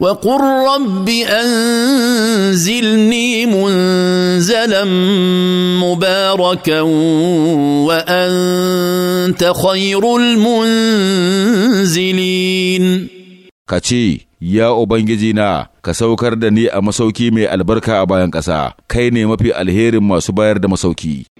وقل رب انزلني منزلا مباركا وانت خير المنزلين كتي ya Ubangiji na ka saukar da ni a masauki mai albarka a bayan ƙasa, kai ne mafi alherin masu bayar da masauki.